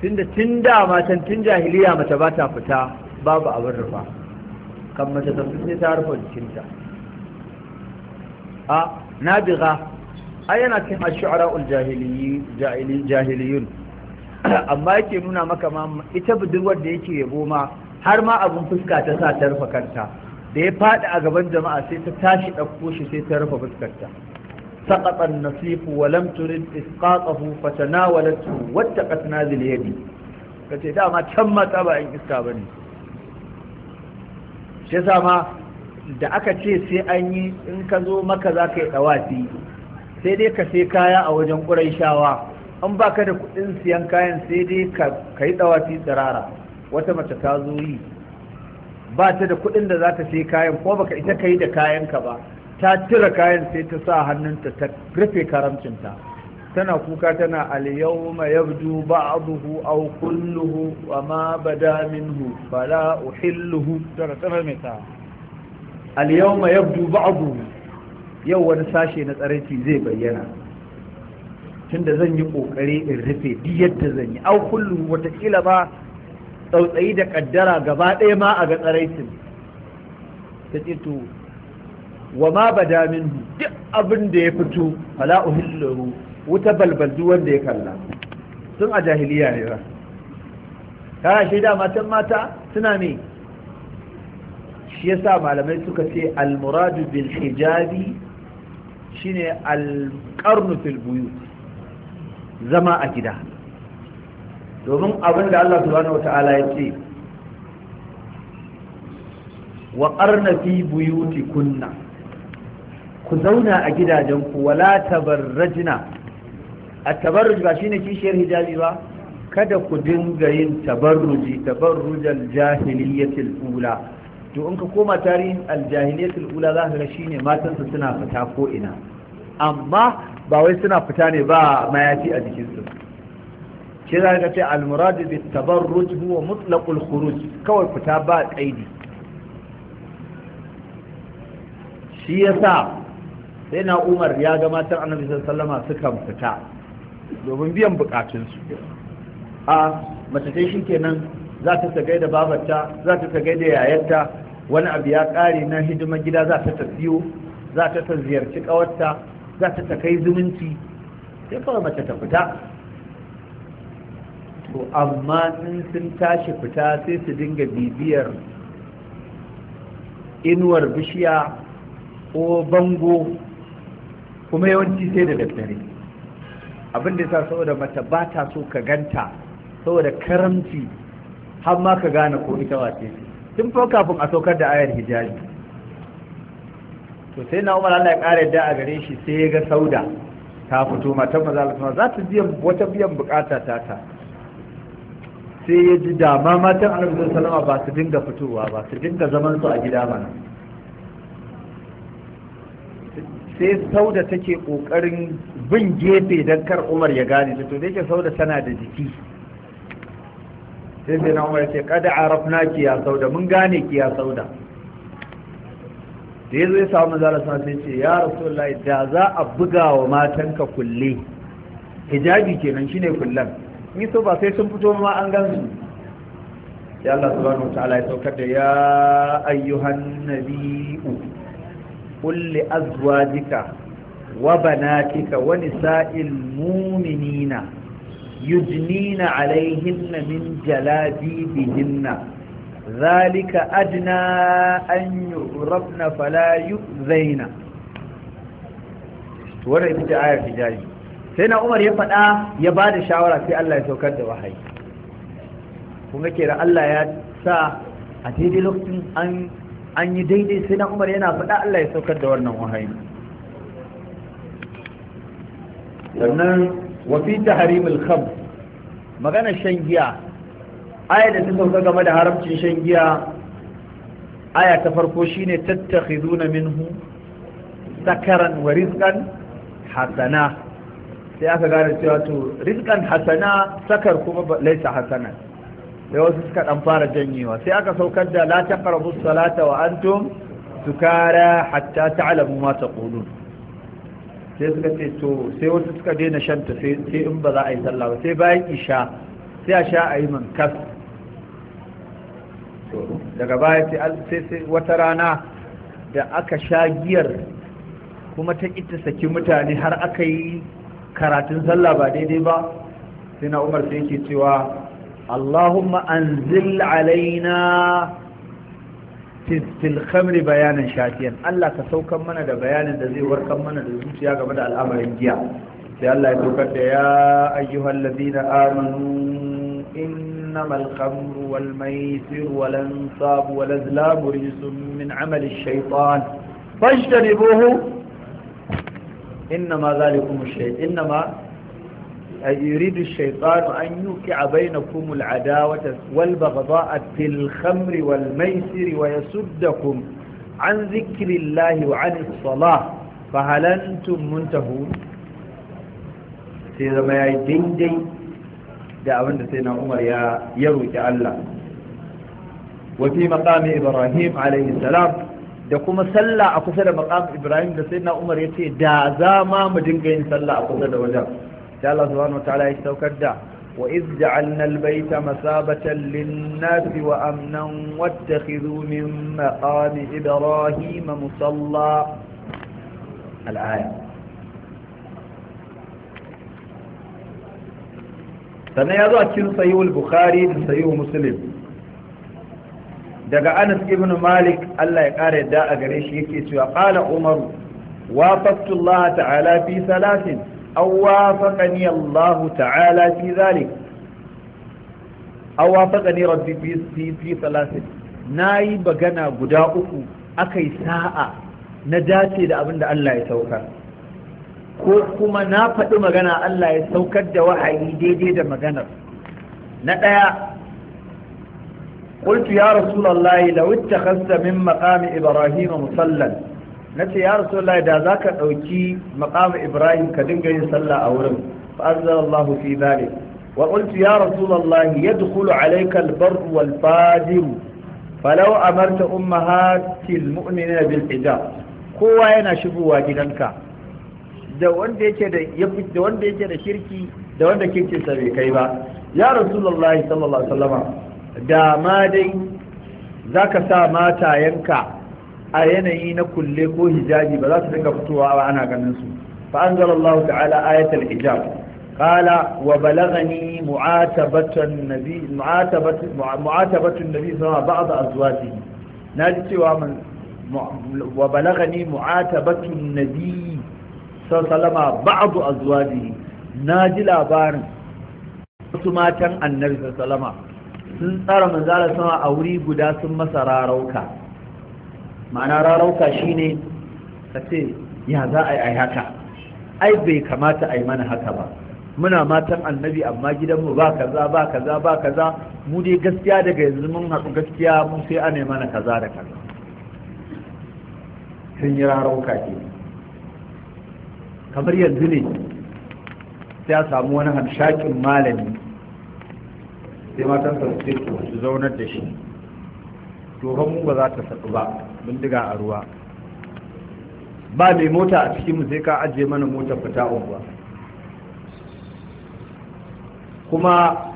tunda tun da matan tun jahiliya mace ba ta fita babu abin rufa kan mace ta sai ta rufa jikinta a nabiga ai yana cikin ash-shu'ara al amma yake nuna maka ma ita budurwar da yake yabo ma har ma abin fuska ta sa ta rufe kanta da ya faɗi a gaban jama'a sai ta tashi ɗauko shi sai ta rufe fuskarta سقط النصيف ولم ترد إسقاطه فتناولته واتقت نازل Ka kace dama can mata ba in iska ba ne shi yasa ma da aka ce sai an yi in ka zo maka za ka yi ɗawafi sai dai ka sai kaya a wajen ƙuraishawa an ba ka da kudin siyan kayan sai dai ka yi tsawafi tsirara wata mace ta zo yi ba ta da kudin da za ta sai kayan ko baka ita ka yi da kayanka ba ta cire kayan sai ta sa hannunta ta rufe karamcinta tana kuka tana alyawma yabdu ba'dahu aw kulluhu wa ma bada minhu fala uhilluhu tana tana mai ta alyawma yabdu ba'dahu yau wani sashe na tsaraici zai bayyana tunda zan yi kokari in rufe duk yadda zan yi au kullum watakila ba tsautsayi da kaddara gaba ɗaya ma a ga tsaraitin ta to wa ma bada minhu duk abin da ya fito fala uhillahu wuta balbaldu wanda ya kalla sun a jahiliya ne ba kana shi da matan mata suna ne shi yasa malamai suka ce al-muradu bil hijabi shine al-qarnu fil buyut zama a gida domin abin da Allah subhanahu wata'ala ya ce wa ƙarna fi buyuti kunna ku zauna a gidajenku wala tabarrajina a tabarruj ba shine kishiyar hijabi ba kada ku dinga yin tabarruji tabarrujal jahiliyyatil ula to in ka koma tarihin aljahiliyyatul ula za ka ga shine matansa suna fita ko ina amma ba wai suna fita ne ba mayafi a jikinsu ke za ka ce almuradu bi tabarruj huwa mutlaqul khuruj kawai fita ba kaidi shi yasa sai na Umar ya ga matan Annabi sallallahu alaihi suka fita domin biyan bukatunsu a mace shi kenan za ta tsagai da babarta za ta tsagai da yayarta wani abu ya ƙare na hidimar gida za ta tafiyo za ta ta ziyarci ƙawarta. za ta takai zumunci sai kawai mace ta fita to amma in sun tashi fita sai su dinga bibiyar inuwar bishiya ko bango kuma yawanci sai da daddare abin da sa saboda mata ba ta so ka ganta saboda karamci har ma ka gane ko ita wace tun fa kafin a saukar da ayar hijabi to sai na umar Allah ya ƙara da a gare shi sai ya ga sauda ta fito matan maza Allah za ta biyan wata biyan bukata ta ta sai ya ji dama matan annabi sallallahu ba su dinga fitowa ba su dinga zaman su a gida ba sai sauda take kokarin bin gefe don kar umar ya gane ta to da yake sauda tana da jiki sai sai na umar ya ce kada arafna ki ya sauda mun gane ki ya sauda da ya zo ya samu manzala sun sai ce ya rasulullahi da za a buga wa matanka kulle hijabi kenan shine kullan ni so ba sai sun fito ma an gan su ya Allah subhanahu wataala ya saukar da ya ayyuhan Nabi'u. Kulli li azwajika wa banatika wa nisa'il mu'minina yujnina 'alayhinna min jalabibihinna zalika adna an yurabna fala yuzaina wannan ita ce ayar hijabi sai na Umar ya faɗa ya ba shawara sai Allah ya saukar da wahayi kuma kira Allah ya sa a daidai lokacin an yi daidai sai na Umar yana faɗa Allah ya saukar da wannan wahayi sannan wa fi tahrimil khamr magana shan giya aya da ta sauka game da haramcin shan giya aya ta farko shine tattakhizuna minhu sakaran wa rizqan hasana sai aka gane cewa to rizqan hasana sakar kuma laisa hasana sai wasu suka dan fara janyewa sai aka saukar da la taqrabu salata wa antum sukara hatta ta'lamu ma taqulun sai suka ce to sai wasu suka daina shan ta sai in ba za a yi sallah ba sai bayan isha sai a sha a yi mankas daga baya sai wata rana da aka sha giyar kuma ta ita saki mutane har aka yi karatun sallah ba daidai ba sai na umar sai yake cewa allahumma anzil alaina fil khamri bayanan shafiyan Allah ka saukan mana da bayanin da zai warkan mana da zuciya game da al'amarin giya sai Allah ya saukar da ya ayyuhal ladina amanu in إنما الخمر والميسر والأنصاب والأزلام رجس من عمل الشيطان فاجتنبوه إنما ذلكم الشيطان إنما يريد الشيطان أن يوقع بينكم العداوة والبغضاء في الخمر والميسر ويسدكم عن ذكر الله وعن الصلاة فهل أنتم منتهون سيدما يدين دين da abin da sai na umar ya roƙi Allah wafi maƙami ibrahim alaihi salam da kuma sallah a kusa da maƙam ibrahim da sai na umar ya ce da za ma mu dinga yin sallah a kusa da wajen sai Allah subhanahu wa ta'ala ya saukar da wa iz ja'alna al masabatan lin-nasi wa amnan wattakhidhu min maqami ibrahim musalla al-aya sannan ya zo a cikin sahihul bukhari da sahihul muslim daga anas ibn malik allah ya kara yadda a gare shi yake cewa qala umar wafaqtu allah ta'ala fi salasin aw wafaqani allah ta'ala fi zalik aw wafaqani rabbi fi fi salasin nayi bagana guda uku akai sa'a na dace da abin da allah ya saukar ko kuma na faɗi magana Allah ya saukar da wahayi daidai da maganar na ɗaya ƙultu ya rasulallah la wuce hasa min maƙami ibrahim musallan na ce ya rasulallah da za ka ɗauki maƙami ibrahim ka dinga yin sallah a wurin fa’azzar allah fi zane wa ƙultu ya rasulallah ya dukulu alaikal bar wal fadiru falau amarta umma hatil mu'minin bil ijab kowa yana shigowa gidanka da wanda yake da da wanda yake da shirki da wanda kirkin sa bai kai ba ya rasulullahi sallallahu alaihi wasallama da ma dai zaka sa mata yanka a yanayi na kulle ko hijabi ba za su dinga fitowa ba ana ganin su fa anzalallahu ta'ala ayatul hijab qala wa balagani mu'atabatan nabi mu'atabatu mu'atabatu nabi sallallahu alaihi wasallam ba'd azwajihi naji cewa man wa balagani mu'atabatu nabi sallama ba'adu azwajihi na ji labarin wasu matan annabi sallama sun tsara manzala sama a wuri guda sun masa rarauka ma'ana rarauka shine ka ce ya za a yi haka ai bai kamata a yi mana haka ba muna matan annabi amma gidanmu ba kaza ba kaza ba kaza mu dai gaskiya daga yanzu mun haɗu gaskiya mun sai a mana kaza da kaza sun yi rarauka ke kamar yanzu ne ya a samu wani hamshakin malami sai matan sa ce su zaunar da shi to mu ba za ta saɓi ba bindiga a ruwa ba mai mota a cikin mu sai ka ajiye mana mota fita unguwa kuma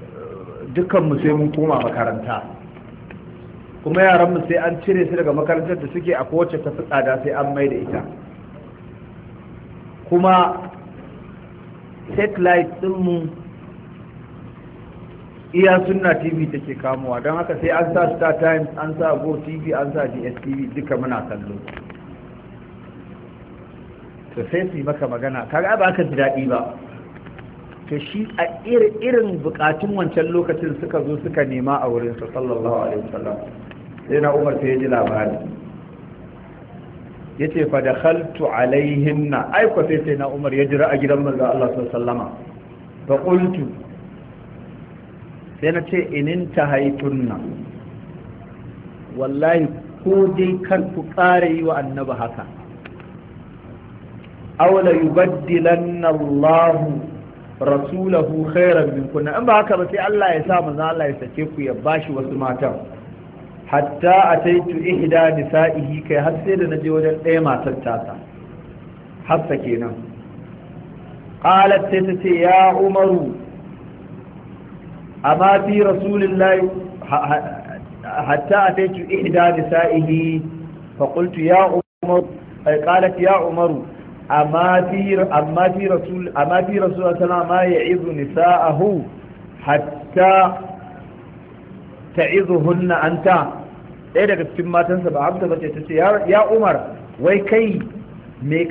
eh, dukkan mu sai mun koma makaranta kuma yaranmu sai an cire su daga makarantar da suke a kowace ta fi tsada sai an mai da ita kuma satellite ɗinmu iya sunna tv take kamuwa don haka sai an sa star times an sa go tv an sa dstv duka muna kallo to sai su yi maka magana kaga ba ka ji daɗi ba to shi a irin bukatun wancan lokacin suka zo suka nema a wurinsa sallallahu alaihi wasallam sai na umar sai ya ji labari ya ce fa da haltu alaihinna aiko sai sai na umar ya jira a gidan manzo Allah sallama fa qultu sai na ce inin ta tahaitunna wallahi ko dai kan ku ƙara yi wa annaba haka awla yubaddilanna Allahu rasulahu khairan minkunna in ba haka ba sai Allah ya sa manzo Allah ya sake ku ya bashi wasu matan hatta ataitu ihda nisa'ihi kai har sai da naje wajen ɗaya matar tata hafsa kenan qalat sai ta ce ya umaru amma fi rasulillahi hatta ataitu ihda nisa'ihi fa qultu ya umaru qalat ya umaru amma fi amma fi rasul amma nisa'ahu hatta ta'izuhunna anta ɗaya daga cikin matansa ba hamza bace ta ce ya umar wai kai me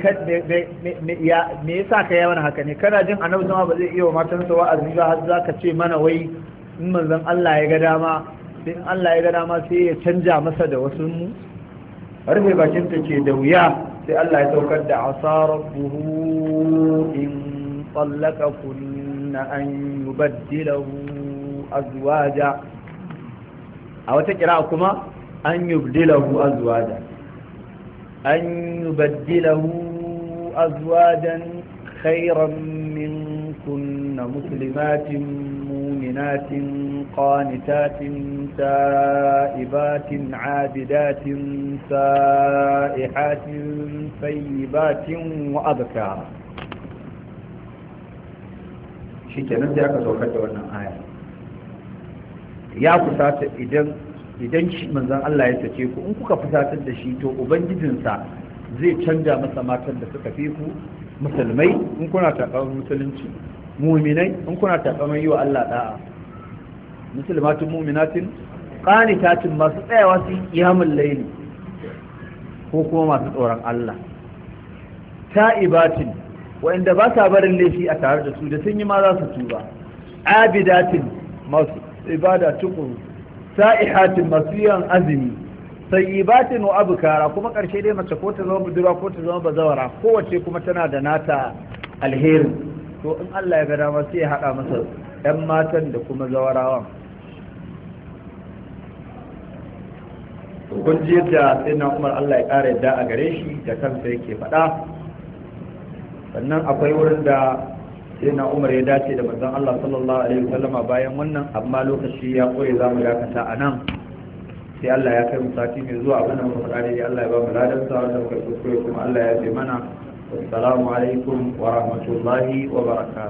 yasa ka yi mana haka ne kana jin annabi sama ba zai iya wa matansa wa'azi ba har za ka ce mana wai in manzon Allah ya ga dama sai in Allah ya ga dama sai ya canja masa da wasu mu rufe bakin ta ce da wuya sai Allah ya saukar da asarabuhu in tsallaka kunna an yubaddilahu azwaja a wata kira kuma أن يبدله أزواجا أن يبدله أزواجا خيرا منكن مسلمات مؤمنات قانتات سائبات عابدات سائحات فيبات وأذكار شكرا لك سوف تقول لنا آية يا قصات إذن idan shi manzan Allah ya sace ku in kuka fusatar da shi to ubangijinsa zai canja masa matan da suka fi ku musulmai in kuna taɓar musulunci muminai in kuna taɓar yi wa Allah ɗa'a musulmatin muminatin qanitatin masu tsayawa su qiyamul layli ko kuma masu tsoron Allah Ta ibatin wa'inda ba sa barin laifi a tare da su da sun yi ma za su tuba abidatin masu ibada tukuru sa'ihatin masu yin azumi sayyibatin wa abkara kuma karshe dai mace ko ta zama budurwa ko ta zama bazawara kowace kuma tana da nata alheri to in Allah ya ga dama sai ya hada masa yan matan da kuma zawarawan kun ji yadda sai na Umar Allah ya kara yadda a gare shi da kansa yake faɗa sannan akwai wurin da sai na umar ya dace da manzon Allah sallallahu alaihi wasallama bayan wannan amma lokaci ya koyi za mu dakata a nan sai Allah ya kai mu sati mai zuwa a da muka faɗa Allah ya ba mu ladan sa wanda muka kuma Allah ya bi mana assalamu alaikum wa rahmatullahi wa barakatuh